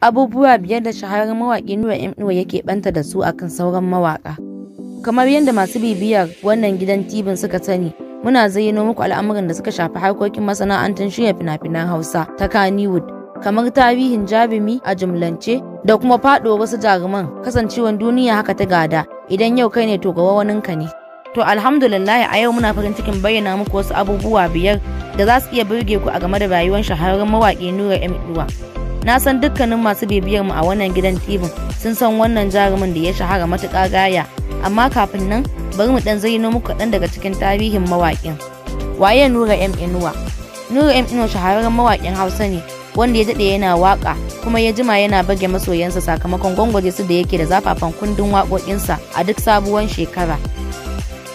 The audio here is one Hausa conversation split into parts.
abubuwa biyar da shaharar mawaƙi Nura M Nura yake banta da su akan sauran mawaƙa. Kamar yadda masu bibiyar wannan gidan tibin suka sani, muna zayyano muku al'amuran da suka shafi harkokin masana'antar shirya fina-finan Hausa ta Kannywood, kamar tarihin Jabimi a jumlance da kuma faɗo wasu jaruman kasancewan duniya haka ta gada idan yau kai ne to gawa waninka ne. To alhamdulillah a yau muna farin cikin bayyana muku wasu abubuwa biyar da za su iya burge ku a game da rayuwar shaharar mawaƙi Nura M Nura. na san dukkanin masu bibiyar mu a wannan gidan tv sun san wannan jarumin da ya shahara matuƙa gaya amma kafin nan bari mu dan zaino muku ɗan daga cikin tarihin mawaƙin waye nura m inuwa nura m inuwa shahararren mawaƙin hausa ne wanda ya daɗe yana waƙa kuma ya jima yana bage masoyansa sakamakon gwangwaje su da yake da zafafan kundin waƙoƙinsa a duk sabuwar shekara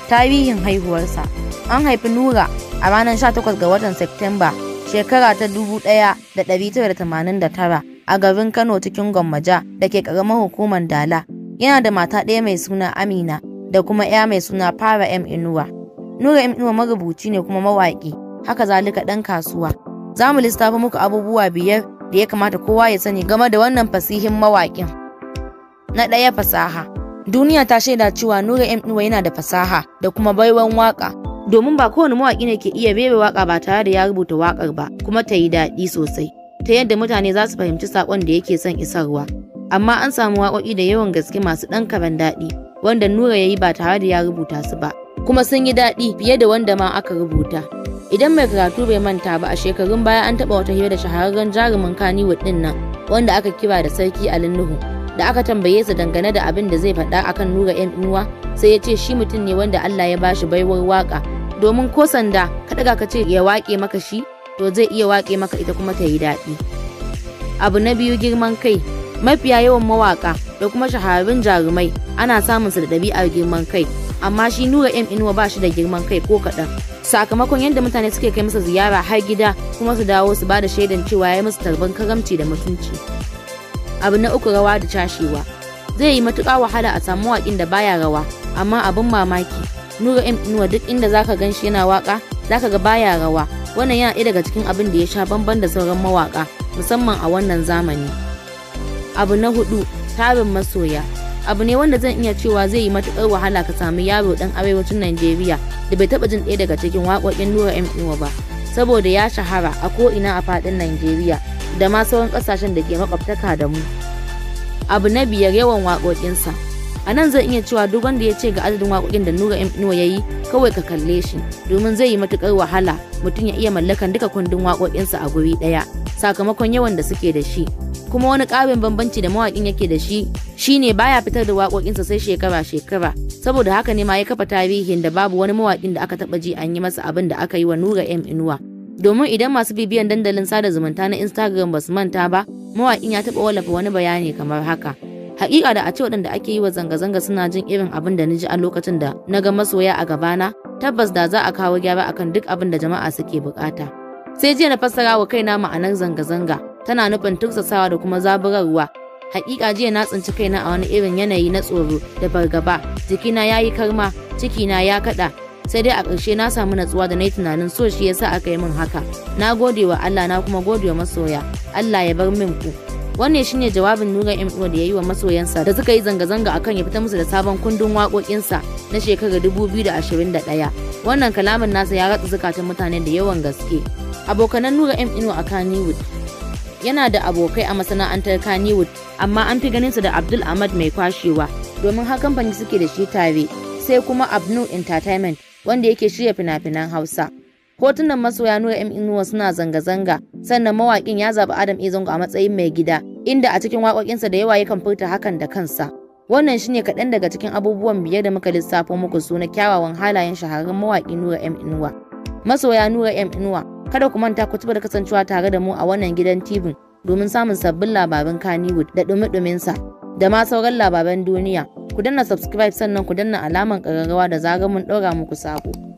tarihin haihuwarsa an haifi nura a ranar 18 ga watan September shekara ta 1989 a garin Kano cikin Gwammaja da ke ƙaramar hukumar Dala. Yana da mata ɗaya mai suna Amina da kuma ‘ya mai suna Fara M Inuwa. Nura M Inuwa marubuci ne kuma mawaƙi, haka zalika ɗan kasuwa. Za mu lissafa muku abubuwa biyar da ya kamata kowa ya sani game da wannan fasihin mawaƙin. Na ɗaya fasaha. Duniya ta shaida cewa Nura M Inuwa yana da fasaha da kuma baiwan waƙa domin ba kowane mawaƙi ne ke iya bebe waƙa ba tare da ya rubuta waƙar ba kuma ta yi daɗi sosai ta yadda mutane za su fahimci saƙon da yake son isarwa amma an samu waƙoƙi da yawan gaske masu ɗan karan daɗi wanda Nura ya yi ba tare da ya rubuta su ba kuma sun yi daɗi fiye da wanda ma aka rubuta idan mai karatu bai manta ba a shekarun baya an taɓa wata hira da shahararren jarumin Kaniwood ɗin nan wanda aka kira da sarki Nuhu da aka tambaye su dangane da abin da zai faɗa akan Nura 'yan uwa sai ya ce shi mutum ne wanda Allah ya bashi baiwar waƙa domin ko sanda ka ɗaga ka ce ya waƙe maka shi to zai iya waƙe maka ita kuma ta yi daɗi abu na biyu girman kai mafiya yawan mawaƙa da kuma shahararrun jarumai ana samun su da ɗabi'ar girman kai amma shi nura 'yam inuwa ba shi da girman kai ko kaɗan sakamakon yadda mutane suke kai masa ziyara har gida kuma su dawo su ba da shaidan cewa ya musu tarban karamci da mutunci abu na uku rawa da cashewa zai yi matuƙa wahala a samu waƙin da baya rawa amma abin mamaki Nura M Inuwa duk inda zaka gan shi yana waka zaka ga baya rawa wannan yana ɗaya daga cikin abin da ya sha bamban da sauran mawaka musamman a wannan zamani. Abu na hudu tarin masoya abu ne wanda zan iya cewa zai yi matukar wahala ka sami yaro dan arewacin Najeriya da bai taba jin ɗaya daga cikin waƙoƙin Nura M ba saboda ya shahara a ko ina a faɗin Najeriya da ma sauran ƙasashen da ke makwabtaka da mu. Abu na biyar yawan waƙoƙinsa. a nan zan iya cewa duk wanda ya ce ga adadin waƙoƙin da nura m inuwa ya yi kawai ka kalle shi domin zai yi matuƙar wahala mutum ya iya mallakan duka kundin waƙoƙinsa a guri ɗaya sakamakon yawan da suke da shi kuma wani ƙarin bambanci da mawaƙin yake da shi shine baya fitar da waƙoƙinsa sai shekara-shekara saboda haka ne ma ya kafa tarihin da babu wani mawaƙin da aka taɓa ji an yi masa abin da aka yi wa nura m inuwa domin idan masu bibiyan dandalin sada zumunta na instagram ba su manta ba mawaƙin ya taɓa wallafa wani bayani kamar haka Hakika da a ce waɗanda ake yi wa zanga-zanga suna jin irin abin da ji a lokacin da na ga masoya a gabana, tabbas da za a kawo gyara akan duk abin da jama'a suke bukata. Sai jiya na fassara wa kaina ma'anar zanga-zanga, tana nufin tursasawa da kuma zaburarwa. Hakika jiya na tsinci kaina a wani irin yanayi na tsoro da fargaba, jikina ya yi karma, cikina ya kaɗa, sai dai a ƙarshe na samu natsuwa da na yi tunanin so shi yasa aka yi min haka. Na gode wa Allah na kuma gode wa masoya, Allah ya bar min ku. wannan shine jawabin nuga mo da ya yi wa masoyansa da suka yi zanga-zanga kan ya fita musu da sabon kundin waƙoƙinsa na shekarar 2021 wannan kalamin nasa ya ratsa zukatan mutane da yawan gaske abokanan nuga m a kannywood yana da abokai a masana'antar kannywood amma an fi ganinsa da abdul ahmad mai kwashewa domin har kamfani suke da shi tare sai kuma abnu entertainment wanda yake shirya fina-finan hausa hotunan masoya nura m inuwa suna zanga-zanga sannan mawakin ya zaɓi adam izango a matsayin mai gida inda a cikin waƙoƙinsa da yawa yakan furta hakan da kansa. Wannan shine kaɗan daga cikin abubuwan biyar da muka lissafo muku su na kyawawan halayen shahararren mawaƙi Nura M Inuwa. Masoya Nura M Inuwa, kada ku manta ku da kasancewa tare da mu a wannan gidan TV domin samun sabbin labaran Kannywood da ɗumi duminsa da ma sauran labaran duniya. Ku danna subscribe sannan ku danna alaman ƙararrawa da zarar mun ɗora muku sako.